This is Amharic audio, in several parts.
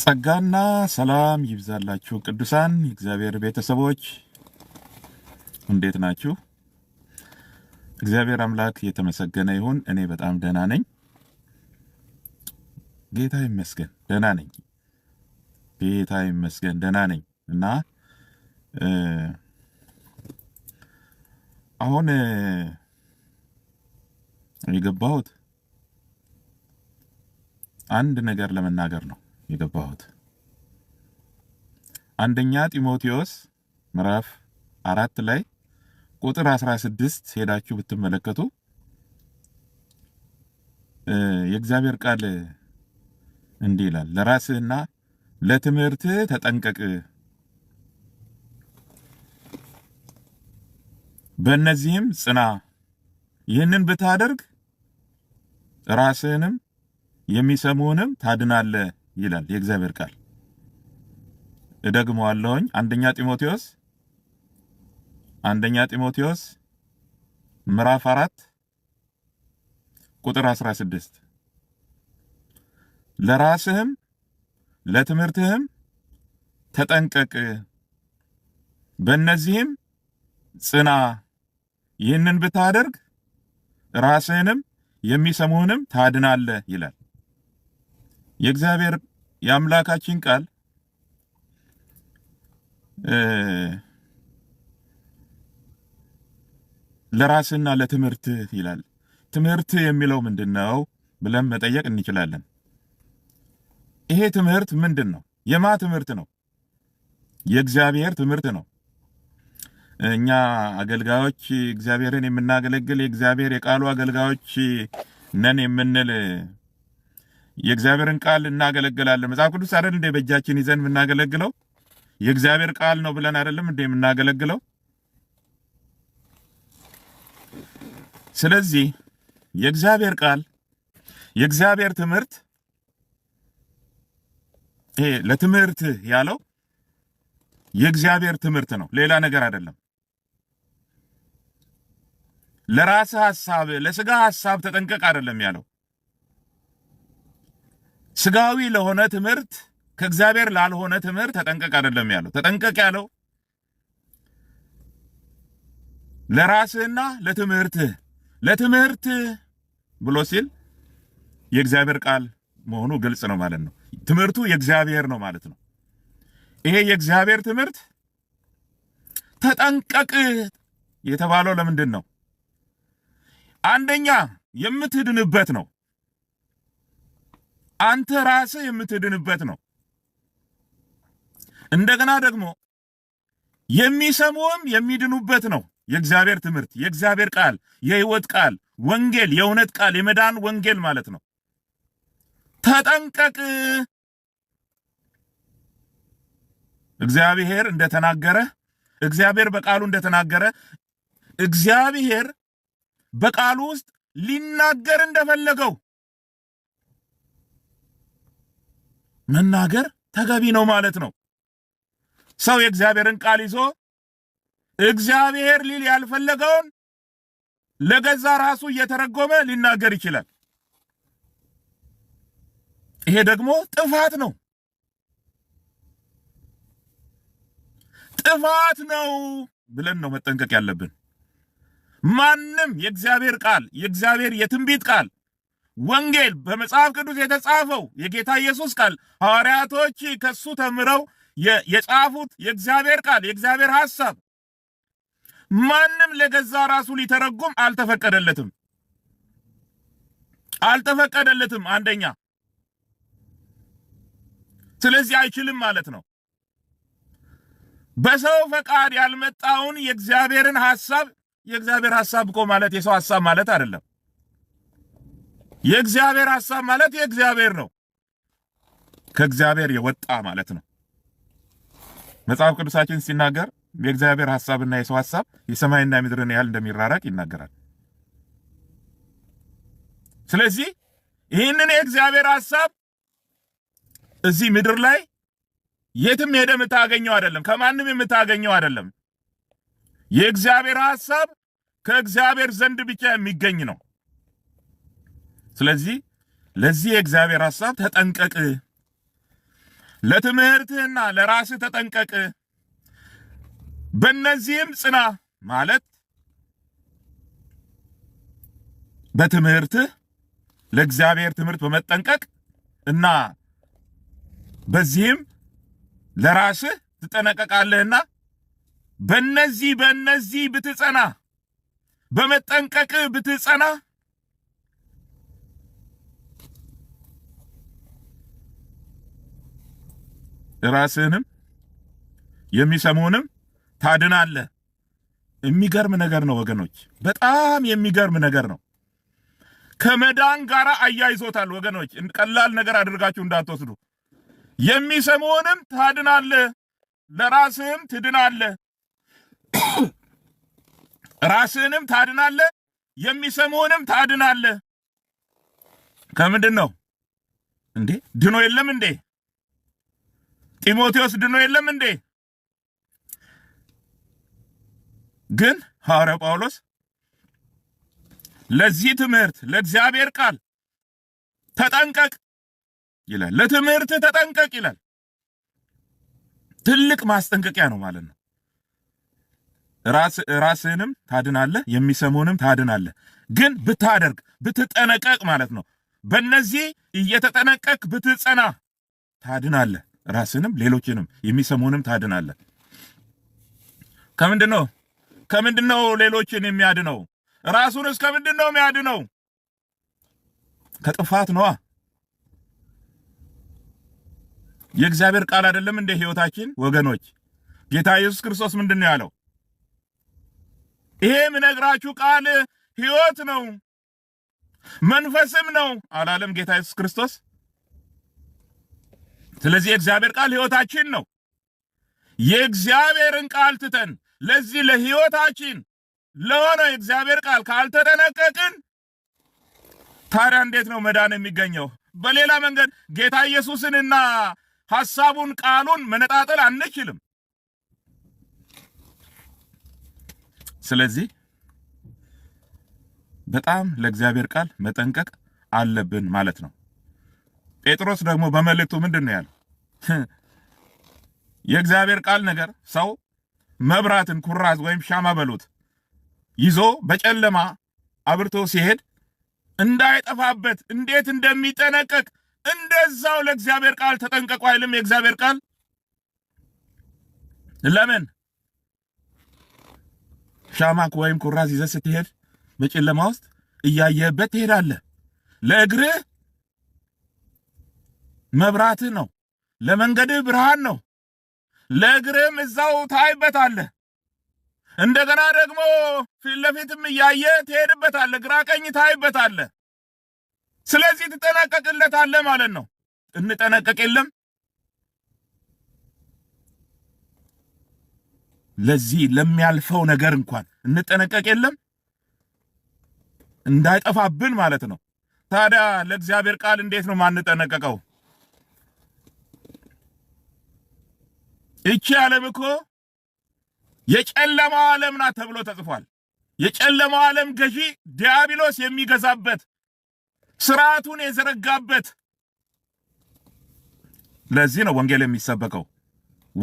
ጸጋና ሰላም ይብዛላችሁ ቅዱሳን የእግዚአብሔር ቤተሰቦች እንዴት ናችሁ? እግዚአብሔር አምላክ የተመሰገነ ይሁን። እኔ በጣም ደህና ነኝ፣ ጌታ ይመስገን ደህና ነኝ፣ ጌታ ይመስገን ደህና ነኝ። እና አሁን የገባሁት አንድ ነገር ለመናገር ነው የገባሁት። አንደኛ ጢሞቴዎስ ምዕራፍ አራት ላይ ቁጥር 16 ሄዳችሁ ብትመለከቱ የእግዚአብሔር ቃል እንዲህ ይላል፣ ለራስህና ለትምህርትህ ተጠንቀቅ፣ በእነዚህም ጽና። ይህንን ብታደርግ ራስህንም የሚሰሙህንም ታድናለህ ይላል የእግዚአብሔር ቃል። እደግመዋለሁኝ። አንደኛ ጢሞቴዎስ አንደኛ ጢሞቴዎስ ምዕራፍ አራት ቁጥር 16 ለራስህም ለትምህርትህም ተጠንቀቅ፣ በእነዚህም ጽና። ይህንን ብታደርግ ራስህንም የሚሰሙህንም ታድናለህ ይላል የእግዚአብሔር የአምላካችን ቃል ለራስና ለትምህርት ይላል። ትምህርት የሚለው ምንድን ነው ብለን መጠየቅ እንችላለን። ይሄ ትምህርት ምንድን ነው? የማ ትምህርት ነው? የእግዚአብሔር ትምህርት ነው። እኛ አገልጋዮች እግዚአብሔርን የምናገለግል የእግዚአብሔር የቃሉ አገልጋዮች ነን የምንል የእግዚአብሔርን ቃል እናገለግላለን። መጽሐፍ ቅዱስ አይደል እንዴ በእጃችን ይዘን የምናገለግለው? የእግዚአብሔር ቃል ነው ብለን አይደለም እንዴ የምናገለግለው? ስለዚህ የእግዚአብሔር ቃል የእግዚአብሔር ትምህርት ይሄ ለትምህርት ያለው የእግዚአብሔር ትምህርት ነው፣ ሌላ ነገር አይደለም። ለራስህ ሐሳብ ለስጋ ሐሳብ ተጠንቀቅ አይደለም ያለው ስጋዊ ለሆነ ትምህርት ከእግዚአብሔር ላልሆነ ትምህርት ተጠንቀቅ አይደለም ያለው። ተጠንቀቅ ያለው ለራስህና ለትምህርትህ ለትምህርትህ ብሎ ሲል የእግዚአብሔር ቃል መሆኑ ግልጽ ነው ማለት ነው። ትምህርቱ የእግዚአብሔር ነው ማለት ነው። ይሄ የእግዚአብሔር ትምህርት ተጠንቀቅ የተባለው ለምንድን ነው? አንደኛ የምትድንበት ነው። አንተ ራስህ የምትድንበት ነው። እንደገና ደግሞ የሚሰሙም የሚድኑበት ነው። የእግዚአብሔር ትምህርት፣ የእግዚአብሔር ቃል፣ የህይወት ቃል፣ ወንጌል፣ የእውነት ቃል፣ የመዳን ወንጌል ማለት ነው። ተጠንቀቅ። እግዚአብሔር እንደተናገረ እግዚአብሔር በቃሉ እንደተናገረ እግዚአብሔር በቃሉ ውስጥ ሊናገር እንደፈለገው መናገር ተገቢ ነው ማለት ነው። ሰው የእግዚአብሔርን ቃል ይዞ እግዚአብሔር ሊል ያልፈለገውን ለገዛ ራሱ እየተረጎመ ሊናገር ይችላል። ይሄ ደግሞ ጥፋት ነው፣ ጥፋት ነው ብለን ነው መጠንቀቅ ያለብን። ማንም የእግዚአብሔር ቃል የእግዚአብሔር የትንቢት ቃል ወንጌል በመጽሐፍ ቅዱስ የተጻፈው የጌታ ኢየሱስ ቃል ሐዋርያቶች ከሱ ተምረው የጻፉት የእግዚአብሔር ቃል የእግዚአብሔር ሐሳብ ማንም ለገዛ ራሱ ሊተረጉም አልተፈቀደለትም አልተፈቀደለትም። አንደኛ ስለዚህ አይችልም ማለት ነው። በሰው ፈቃድ ያልመጣውን የእግዚአብሔርን ሐሳብ የእግዚአብሔር ሐሳብ እኮ ማለት የሰው ሐሳብ ማለት አይደለም። የእግዚአብሔር ሐሳብ ማለት የእግዚአብሔር ነው፣ ከእግዚአብሔር የወጣ ማለት ነው። መጽሐፍ ቅዱሳችን ሲናገር የእግዚአብሔር ሐሳብና የሰው ሐሳብ የሰማይና የምድርን ያህል እንደሚራራቅ ይናገራል። ስለዚህ ይህንን የእግዚአብሔር ሐሳብ እዚህ ምድር ላይ የትም ሄደ የምታገኘው አይደለም፣ ከማንም የምታገኘው አይደለም። የእግዚአብሔር ሐሳብ ከእግዚአብሔር ዘንድ ብቻ የሚገኝ ነው። ስለዚህ ለዚህ የእግዚአብሔር ሐሳብ ተጠንቀቅ፣ ለትምህርትህና ለራስህ ተጠንቀቅ፣ በእነዚህም ጽና ማለት በትምህርትህ ለእግዚአብሔር ትምህርት በመጠንቀቅ እና በዚህም ለራስህ ትጠነቀቃለህና በእነዚህ በእነዚህ ብትጸና በመጠንቀቅ ብትጸና ራስህንም የሚሰሙንም ታድናለህ። የሚገርም ነገር ነው ወገኖች፣ በጣም የሚገርም ነገር ነው። ከመዳን ጋር አያይዞታል ወገኖች፣ ቀላል ነገር አድርጋችሁ እንዳትወስዱ። የሚሰሙንም ታድናለህ፣ ለራስህም ትድናለህ። ራስህንም ታድናለህ፣ የሚሰሙንም ታድናለህ። ከምንድን ነው እንዴ? ድኖ የለም እንዴ? ጢሞቴዎስ ድኖ የለም እንዴ? ግን ሐዋርያ ጳውሎስ ለዚህ ትምህርት ለእግዚአብሔር ቃል ተጠንቀቅ ይላል። ለትምህርት ተጠንቀቅ ይላል። ትልቅ ማስጠንቀቂያ ነው ማለት ነው። ራስህንም ታድናለህ፣ የሚሰሙንም ታድናለህ። ግን ብታደርግ ብትጠነቀቅ ማለት ነው። በእነዚህ እየተጠነቀቅ ብትጸና ታድናለህ። ራስንም ሌሎችንም የሚሰሙንም ታድናለህ። ከምንድን ነው ከምንድን ነው ሌሎችን የሚያድነው? ራሱንስ ከምንድን ነው የሚያድነው? ከጥፋት ነዋ። የእግዚአብሔር ቃል አይደለም እንደ ህይወታችን ወገኖች። ጌታ ኢየሱስ ክርስቶስ ምንድን ነው ያለው? ይሄ የምነግራችሁ ቃል ህይወት ነው መንፈስም ነው አላለም ጌታ ኢየሱስ ክርስቶስ? ስለዚህ የእግዚአብሔር ቃል ሕይወታችን ነው። የእግዚአብሔርን ቃል ትተን ለዚህ ለሕይወታችን ለሆነ የእግዚአብሔር ቃል ካልተጠነቀቅን ታዲያ እንዴት ነው መዳን የሚገኘው? በሌላ መንገድ ጌታ ኢየሱስንና ሐሳቡን ቃሉን መነጣጠል አንችልም። ስለዚህ በጣም ለእግዚአብሔር ቃል መጠንቀቅ አለብን ማለት ነው። ጴጥሮስ ደግሞ በመልእክቱ ምንድን ነው ያለው? የእግዚአብሔር ቃል ነገር ሰው መብራትን ኩራዝ ወይም ሻማ በሉት ይዞ በጨለማ አብርቶ ሲሄድ እንዳይጠፋበት እንዴት እንደሚጠነቀቅ እንደዛው ለእግዚአብሔር ቃል ተጠንቀቁ አይልም? የእግዚአብሔር ቃል ለምን ሻማ ወይም ኩራዝ ይዘህ ስትሄድ በጨለማ ውስጥ እያየህበት ትሄዳለህ? ለእግርህ መብራትህ ነው። ለመንገድህ ብርሃን ነው። ለእግርህም እዛው ታይበታለህ። እንደገና ደግሞ ፊት ለፊትም እያየ ትሄድበታለህ። ግራ ቀኝ ታይበታለህ። ስለዚህ ትጠነቀቅለታለህ ማለት ነው። እንጠነቀቅ የለም ለዚህ ለሚያልፈው ነገር እንኳን እንጠነቀቅ የለም እንዳይጠፋብን ማለት ነው። ታዲያ ለእግዚአብሔር ቃል እንዴት ነው ማንጠነቀቀው? እቺ ዓለም እኮ የጨለማው ዓለም ናት ተብሎ ተጽፏል። የጨለማው ዓለም ገዢ ዲያብሎስ የሚገዛበት ስርዓቱን የዘረጋበት። ለዚህ ነው ወንጌል የሚሰበከው።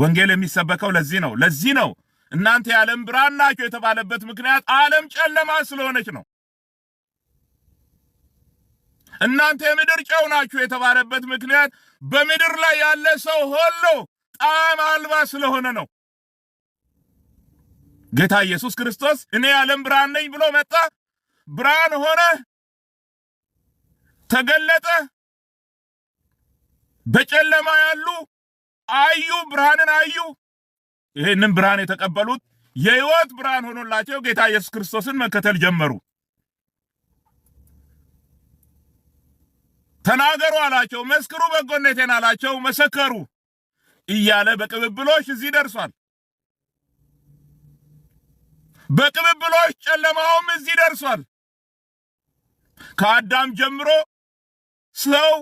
ወንጌል የሚሰበከው ለዚህ ነው። ለዚህ ነው እናንተ የዓለም ብርሃን ናችሁ የተባለበት ምክንያት ዓለም ጨለማ ስለሆነች ነው። እናንተ የምድር ጨው ናችሁ የተባለበት ምክንያት በምድር ላይ ያለ ሰው ሁሉ በጣም አልባ ስለሆነ ነው። ጌታ ኢየሱስ ክርስቶስ እኔ የዓለም ብርሃን ነኝ ብሎ መጣ፣ ብርሃን ሆነ፣ ተገለጠ። በጨለማ ያሉ አዩ፣ ብርሃንን አዩ። ይህንን ብርሃን የተቀበሉት የህይወት ብርሃን ሆኖላቸው ጌታ ኢየሱስ ክርስቶስን መከተል ጀመሩ። ተናገሩ አላቸው፣ መስክሩ በጎነቴን አላቸው፣ መሰከሩ። እያለ በቅብብሎች እዚህ ደርሷል። በቅብብሎች ጨለማውም እዚህ ደርሷል። ከአዳም ጀምሮ ሰው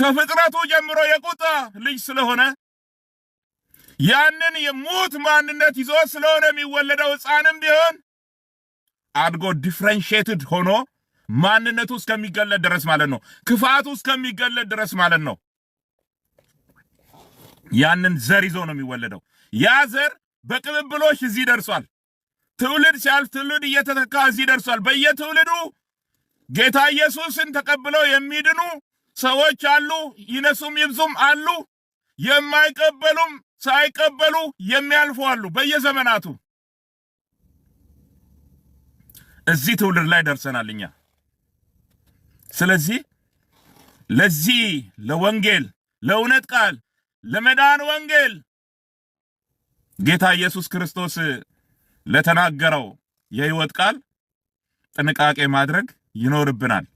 ከፍጥረቱ ጀምሮ የቁጣ ልጅ ስለሆነ ያንን የሙት ማንነት ይዞ ስለሆነ የሚወለደው ሕፃንም ቢሆን አድጎ ዲፍረንሽትድ ሆኖ ማንነቱ እስከሚገለጥ ድረስ ማለት ነው። ክፋቱ እስከሚገለጥ ድረስ ማለት ነው። ያንን ዘር ይዞ ነው የሚወለደው። ያ ዘር በቅብብሎሽ እዚህ ደርሷል። ትውልድ ሲያልፍ ትውልድ እየተተካ እዚህ ደርሷል። በየትውልዱ ጌታ ኢየሱስን ተቀብለው የሚድኑ ሰዎች አሉ፣ ይነሱም ይብዙም አሉ። የማይቀበሉም ሳይቀበሉ የሚያልፉ አሉ። በየዘመናቱ እዚህ ትውልድ ላይ ደርሰናል እኛ። ስለዚህ ለዚህ ለወንጌል ለእውነት ቃል ለመዳን ወንጌል ጌታ ኢየሱስ ክርስቶስ ለተናገረው የሕይወት ቃል ጥንቃቄ ማድረግ ይኖርብናል።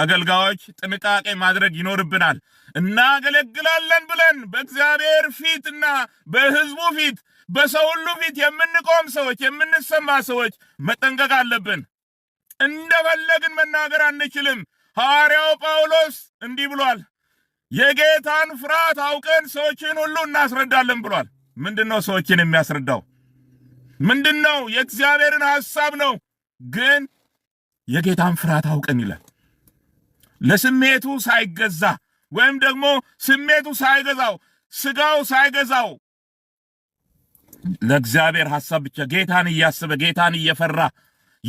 አገልጋዮች ጥንቃቄ ማድረግ ይኖርብናል። እናገለግላለን ብለን በእግዚአብሔር ፊትና በሕዝቡ ፊት በሰው ሁሉ ፊት የምንቆም ሰዎች፣ የምንሰማ ሰዎች መጠንቀቅ አለብን። እንደፈለግን መናገር አንችልም። ሐዋርያው ጳውሎስ እንዲህ ብሏል። የጌታን ፍርሃት አውቀን ሰዎችን ሁሉ እናስረዳለን ብሏል። ምንድን ነው ሰዎችን የሚያስረዳው? ምንድን ነው? የእግዚአብሔርን ሐሳብ ነው። ግን የጌታን ፍርሃት አውቀን ይላል። ለስሜቱ ሳይገዛ ወይም ደግሞ ስሜቱ ሳይገዛው ስጋው ሳይገዛው ለእግዚአብሔር ሐሳብ ብቻ ጌታን እያሰበ ጌታን እየፈራ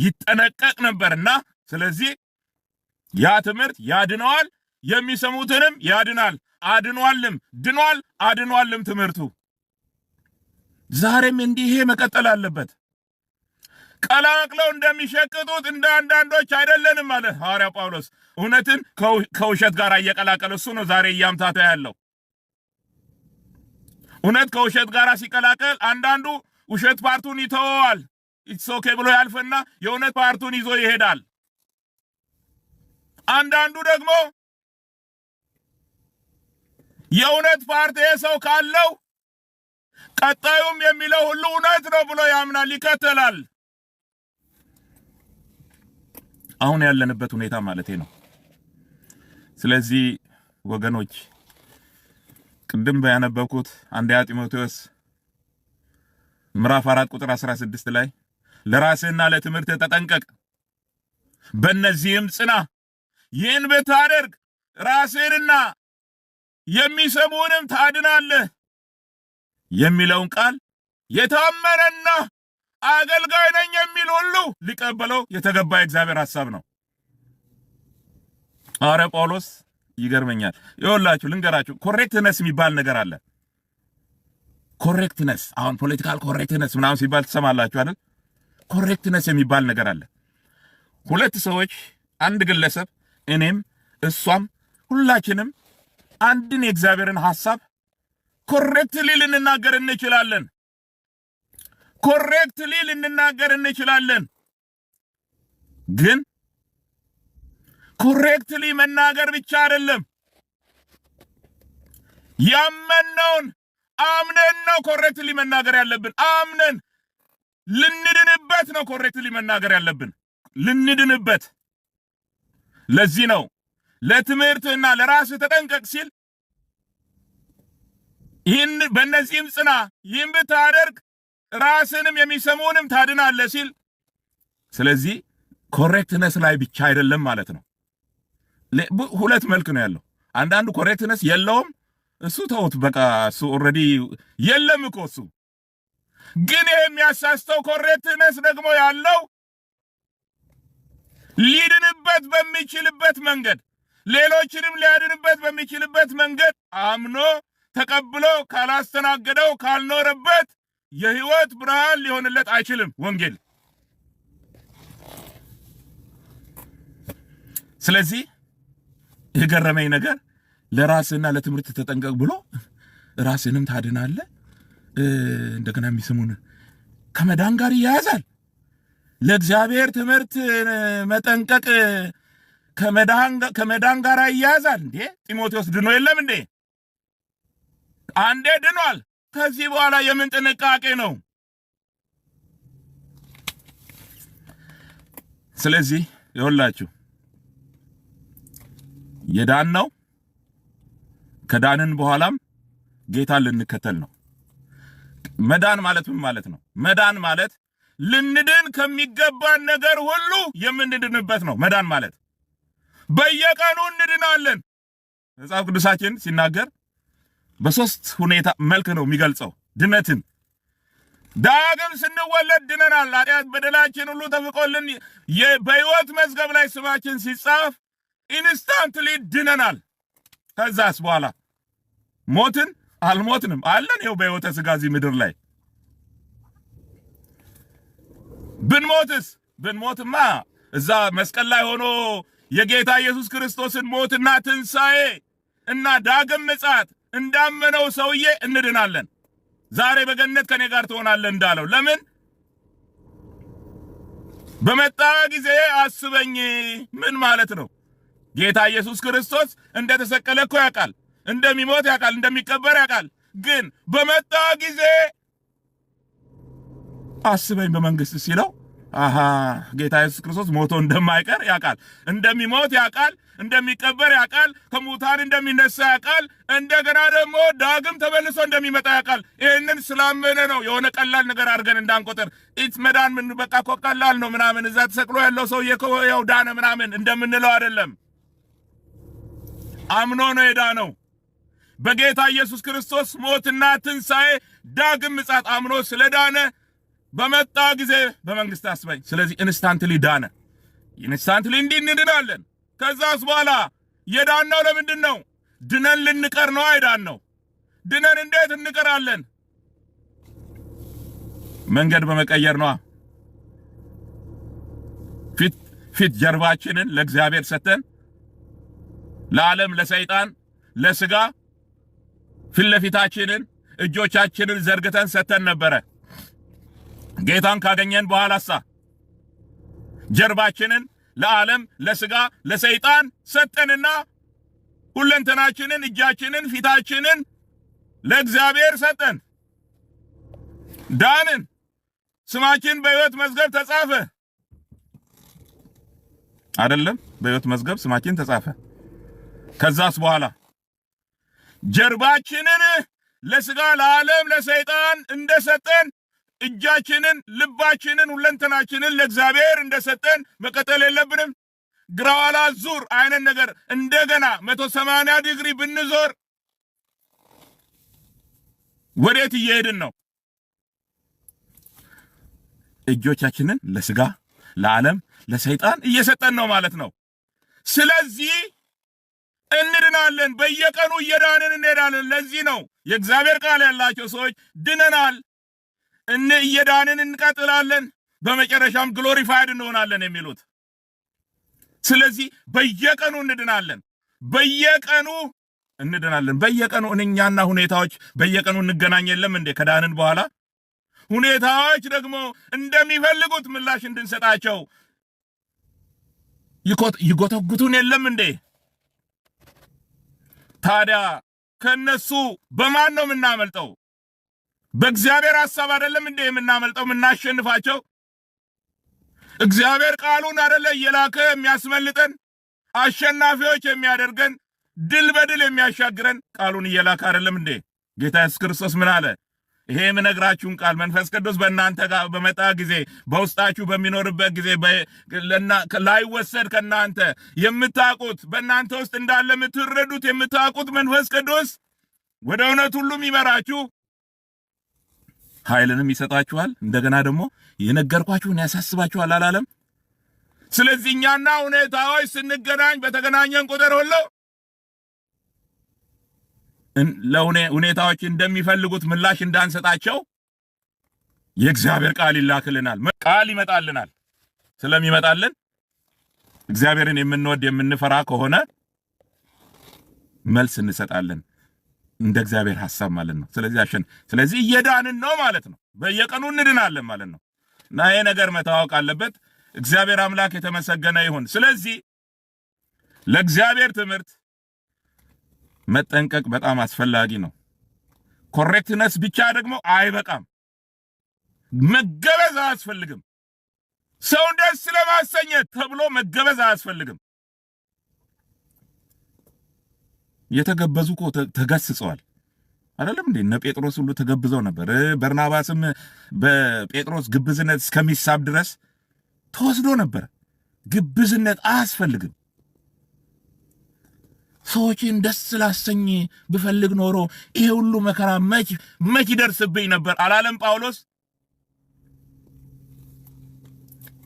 ይጠነቀቅ ነበርና ስለዚህ ያ ትምህርት ያድነዋል የሚሰሙትንም ያድናል። አድኗልም፣ ድኗል፣ አድኗልም። ትምህርቱ ዛሬም እንዲህ መቀጠል አለበት። ቀላቅለው እንደሚሸቅጡት እንደ አንዳንዶች አይደለንም አለ ሐዋርያ ጳውሎስ። እውነትን ከውሸት ጋር እየቀላቀለ እሱ ነው ዛሬ እያምታታ ያለው። እውነት ከውሸት ጋር ሲቀላቀል አንዳንዱ ውሸት ፓርቱን ይተወዋል ሶኬ ብሎ ያልፍና የእውነት ፓርቱን ይዞ ይሄዳል። አንዳንዱ ደግሞ የእውነት ፓርቲ ሰው ካለው ቀጣዩም የሚለው ሁሉ እውነት ነው ብሎ ያምናል፣ ይከተላል። አሁን ያለንበት ሁኔታ ማለቴ ነው። ስለዚህ ወገኖች ቅድም ያነበብኩት አንደኛ ጢሞቴዎስ ምዕራፍ 4 ቁጥር 16 ላይ ለራስህና ለትምህርት ተጠንቀቅ፣ በእነዚህም ጽና። ይህን ብታደርግ ራስህንና የሚሰሙንም ታድናለህ የሚለውን ቃል የታመነና አገልጋይ ነኝ የሚል ሁሉ ሊቀበለው የተገባ የእግዚአብሔር ሐሳብ ነው። አረ ጳውሎስ ይገርመኛል። ይኸውላችሁ ልንገራችሁ፣ ኮሬክትነስ የሚባል ነገር አለ። ኮሬክትነስ አሁን ፖለቲካል ኮሬክትነስ ምናምን ሲባል ትሰማላችሁ አይደል? ኮሬክትነስ የሚባል ነገር አለ። ሁለት ሰዎች፣ አንድ ግለሰብ፣ እኔም እሷም፣ ሁላችንም አንድን የእግዚአብሔርን ሐሳብ ኮሬክትሊ ልንናገር እንችላለን። ኮሬክትሊ ልንናገር እንችላለን። ግን ኮሬክትሊ መናገር ብቻ አይደለም፣ ያመንነውን አምነን ነው ኮሬክትሊ መናገር ያለብን። አምነን ልንድንበት ነው ኮሬክትሊ መናገር ያለብን፣ ልንድንበት። ለዚህ ነው ለትምህርትና ለራስ ተጠንቀቅ ሲል ይህን በእነዚህም ጽና፣ ይህም ብታደርግ ራስንም የሚሰሙንም ታድናለ ሲል ስለዚህ ኮሬክትነስ ላይ ብቻ አይደለም ማለት ነው። ሁለት መልክ ነው ያለው። አንዳንዱ ኮሬክትነስ የለውም እሱ ተውት፣ በቃ እሱ ኦልሬዲ የለም እኮ እሱ። ግን ይህ የሚያሳስተው ኮሬክትነስ ደግሞ ያለው ሊድንበት በሚችልበት መንገድ ሌሎችንም ሊያድንበት በሚችልበት መንገድ አምኖ ተቀብሎ ካላስተናገደው ካልኖረበት የህይወት ብርሃን ሊሆንለት አይችልም ወንጌል። ስለዚህ የገረመኝ ነገር ለራስህና ለትምህርት ተጠንቀቅ ብሎ ራስህንም ታድናለህ። እንደገና የሚስሙን ከመዳን ጋር ይያያዛል። ለእግዚአብሔር ትምህርት መጠንቀቅ ከመዳን ጋር እያያዛል እንዴ? ጢሞቴዎስ ድኖ የለም እንዴ? አንዴ ድኗል። ከዚህ በኋላ የምን ጥንቃቄ ነው? ስለዚህ ይኸውላችሁ የዳን ነው ከዳንን በኋላም ጌታን ልንከተል ነው። መዳን ማለት ምን ማለት ነው? መዳን ማለት ልንድን ከሚገባን ነገር ሁሉ የምንድንበት ነው። መዳን ማለት በየቀኑ እንድናለን። መጽሐፍ ቅዱሳችን ሲናገር በሶስት ሁኔታ መልክ ነው የሚገልጸው ድነትን። ዳግም ስንወለድ ድነናል። ኃጢአት በደላችን ሁሉ ተፍቆልን በሕይወት መዝገብ ላይ ስማችን ሲጻፍ ኢንስታንትሊ ድነናል። ከዛስ በኋላ ሞትን አልሞትንም አለን። ይኸው በሕይወተ ሥጋ እዚህ ምድር ላይ ብንሞትስ? ብንሞትማ እዛ መስቀል ላይ ሆኖ የጌታ ኢየሱስ ክርስቶስን ሞትና ትንሣኤ እና ዳግም ምጽአት እንዳመነው ሰውዬ እንድናለን። ዛሬ በገነት ከኔ ጋር ትሆናለን እንዳለው ለምን በመጣ ጊዜ አስበኝ። ምን ማለት ነው? ጌታ ኢየሱስ ክርስቶስ እንደተሰቀለ እኮ ያውቃል፣ እንደሚሞት ያውቃል፣ እንደሚቀበር ያውቃል። ግን በመጣ ጊዜ አስበኝ በመንግስት ሲለው አሃ ጌታ ኢየሱስ ክርስቶስ ሞቶ እንደማይቀር ያውቃል፣ እንደሚሞት ያውቃል፣ እንደሚቀበር ያውቃል፣ ከሙታን እንደሚነሳ ያውቃል፣ እንደገና ደግሞ ዳግም ተመልሶ እንደሚመጣ ያውቃል። ይህንን ስላመነ ነው የሆነ ቀላል ነገር አድርገን እንዳንቆጥር። ኢት መዳን ምን በቃ እኮ ቀላል ነው ምናምን፣ እዛ ተሰቅሎ ያለው ሰው የው ዳነ ምናምን እንደምንለው አይደለም። አምኖ ነው የዳነው። በጌታ ኢየሱስ ክርስቶስ ሞትና ትንሣኤ ዳግም ምጻት አምኖ ስለዳነ በመጣ ጊዜ በመንግስት አስበኝ። ስለዚህ ኢንስታንትሊ ዳነ። ኢንስታንትሊ እንዲህ እንድናለን። ከዛስ በኋላ የዳነው ለምንድን ነው? ድነን ልንቀር ነው አይዳን ነው። ድነን እንዴት እንቀራለን? መንገድ በመቀየር ነዋ። ፊት ፊት ጀርባችንን ለእግዚአብሔር ሰተን ለዓለም፣ ለሰይጣን፣ ለስጋ ፊት ለፊታችንን እጆቻችንን ዘርግተን ሰተን ነበረ። ጌታን ካገኘን በኋላሳ ጀርባችንን ለዓለም ለስጋ ለሰይጣን ሰጠንና ሁለንተናችንን እጃችንን ፊታችንን ለእግዚአብሔር ሰጠን። ዳንን። ስማችን በህይወት መዝገብ ተጻፈ። አይደለም በህይወት መዝገብ ስማችን ተጻፈ። ከዛስ በኋላ ጀርባችንን ለስጋ ለዓለም ለሰይጣን እንደሰጠን እጃችንን፣ ልባችንን፣ ሁለንተናችንን ለእግዚአብሔር እንደሰጠን መቀጠል የለብንም። ግራዋላ ዙር አይነት ነገር እንደገና መቶ ሰማንያ ዲግሪ ብንዞር ወዴት እየሄድን ነው? እጆቻችንን ለስጋ ለዓለም ለሰይጣን እየሰጠን ነው ማለት ነው። ስለዚህ እንድናለን። በየቀኑ እየዳንን እንሄዳለን። ለዚህ ነው የእግዚአብሔር ቃል ያላቸው ሰዎች ድነናል እነ እየዳንን እንቀጥላለን፣ በመጨረሻም ግሎሪፋይድ እንሆናለን የሚሉት። ስለዚህ በየቀኑ እንድናለን፣ በየቀኑ እንድናለን፣ በየቀኑ እኛና ሁኔታዎች በየቀኑ እንገናኝ። የለም እንዴ ከዳንን በኋላ ሁኔታዎች ደግሞ እንደሚፈልጉት ምላሽ እንድንሰጣቸው ይጎተጉቱን የለም እንዴ? ታዲያ ከነሱ በማን ነው የምናመልጠው? በእግዚአብሔር ሐሳብ አይደለም እንዴ የምናመልጠው የምናሸንፋቸው? እግዚአብሔር ቃሉን አይደለ እየላከ የሚያስመልጠን አሸናፊዎች የሚያደርገን ድል በድል የሚያሻግረን ቃሉን እየላከ አይደለም እንዴ? ጌታ ኢየሱስ ክርስቶስ ምን አለ? ይሄ የምነግራችሁን ቃል መንፈስ ቅዱስ በእናንተ ጋር በመጣ ጊዜ በውስጣችሁ በሚኖርበት ጊዜ ላይወሰድ ከእናንተ የምታውቁት በእናንተ ውስጥ እንዳለ የምትረዱት የምታውቁት መንፈስ ቅዱስ ወደ እውነት ሁሉም ይመራችሁ ኃይልንም ይሰጣችኋል። እንደገና ደግሞ የነገርኳችሁን ያሳስባችኋል አላለም? ስለዚህ እኛና ሁኔታዎች ስንገናኝ በተገናኘን ቁጥር ሁሉ ለሁኔታዎች እንደሚፈልጉት ምላሽ እንዳንሰጣቸው የእግዚአብሔር ቃል ይላክልናል፣ ቃል ይመጣልናል። ስለሚመጣልን እግዚአብሔርን የምንወድ የምንፈራ ከሆነ መልስ እንሰጣለን። እንደ እግዚአብሔር ሐሳብ ማለት ነው። ስለዚህ አሸን ስለዚህ እየዳንን ነው ማለት ነው። በየቀኑ እንድናለን ማለት ነው። እና ይሄ ነገር መታወቅ አለበት። እግዚአብሔር አምላክ የተመሰገነ ይሁን። ስለዚህ ለእግዚአብሔር ትምህርት መጠንቀቅ በጣም አስፈላጊ ነው። ኮሬክትነስ ብቻ ደግሞ አይበቃም። መገበዝ አያስፈልግም። ሰው ደስ ለማሰኘት ተብሎ መገበዝ አያስፈልግም። የተገበዙ እኮ ተገስጸዋል። አይደለም እንዴ? እነ ጴጥሮስ ሁሉ ተገብዘው ነበር። በርናባስም በጴጥሮስ ግብዝነት እስከሚሳብ ድረስ ተወስዶ ነበር። ግብዝነት አያስፈልግም። ሰዎችን ደስ ላሰኝ ብፈልግ ኖሮ ይሄ ሁሉ መከራ መች መች ይደርስብኝ ነበር አላለም ጳውሎስ?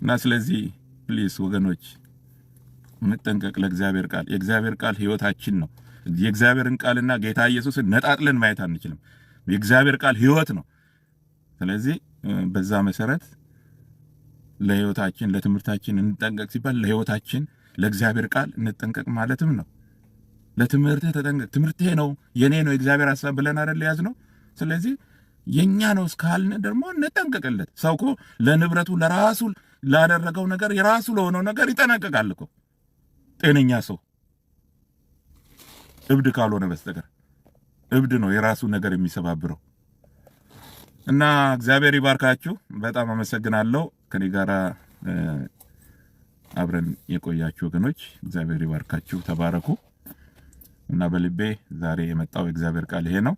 እና ስለዚህ ፕሊስ ወገኖች የምጠንቀቅ ለእግዚአብሔር ቃል። የእግዚአብሔር ቃል ሕይወታችን ነው። የእግዚአብሔርን ቃልና ጌታ ኢየሱስን ነጣጥለን ማየት አንችልም። የእግዚአብሔር ቃል ሕይወት ነው። ስለዚህ በዛ መሰረት ለሕይወታችን ለትምህርታችን እንጠንቀቅ ሲባል ለሕይወታችን ለእግዚአብሔር ቃል እንጠንቀቅ ማለትም ነው። ለትምህርትህ ተጠንቀቅ። ትምህርትህ ነው የኔ ነው የእግዚአብሔር ሀሳብ ብለን አይደል ያዝ ነው። ስለዚህ የእኛ ነው እስካልን ደግሞ እንጠንቀቅለት። ሰው እኮ ለንብረቱ ለራሱ ላደረገው ነገር የራሱ ለሆነው ነገር ይጠነቀቃል እኮ ጤነኛ ሰው እብድ ካልሆነ በስተቀር እብድ ነው የራሱ ነገር የሚሰባብረው። እና እግዚአብሔር ይባርካችሁ። በጣም አመሰግናለሁ። ከኔ ጋራ አብረን የቆያችሁ ወገኖች እግዚአብሔር ይባርካችሁ። ተባረኩ። እና በልቤ ዛሬ የመጣው የእግዚአብሔር ቃል ይሄ ነው።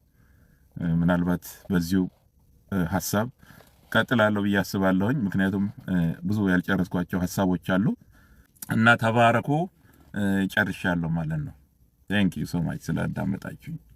ምናልባት በዚሁ ሀሳብ ቀጥላለሁ ብዬ አስባለሁኝ። ምክንያቱም ብዙ ያልጨረስኳቸው ሀሳቦች አሉ እና ተባረኩ። ጨርሻለሁ ማለት ነው። Thank you so much.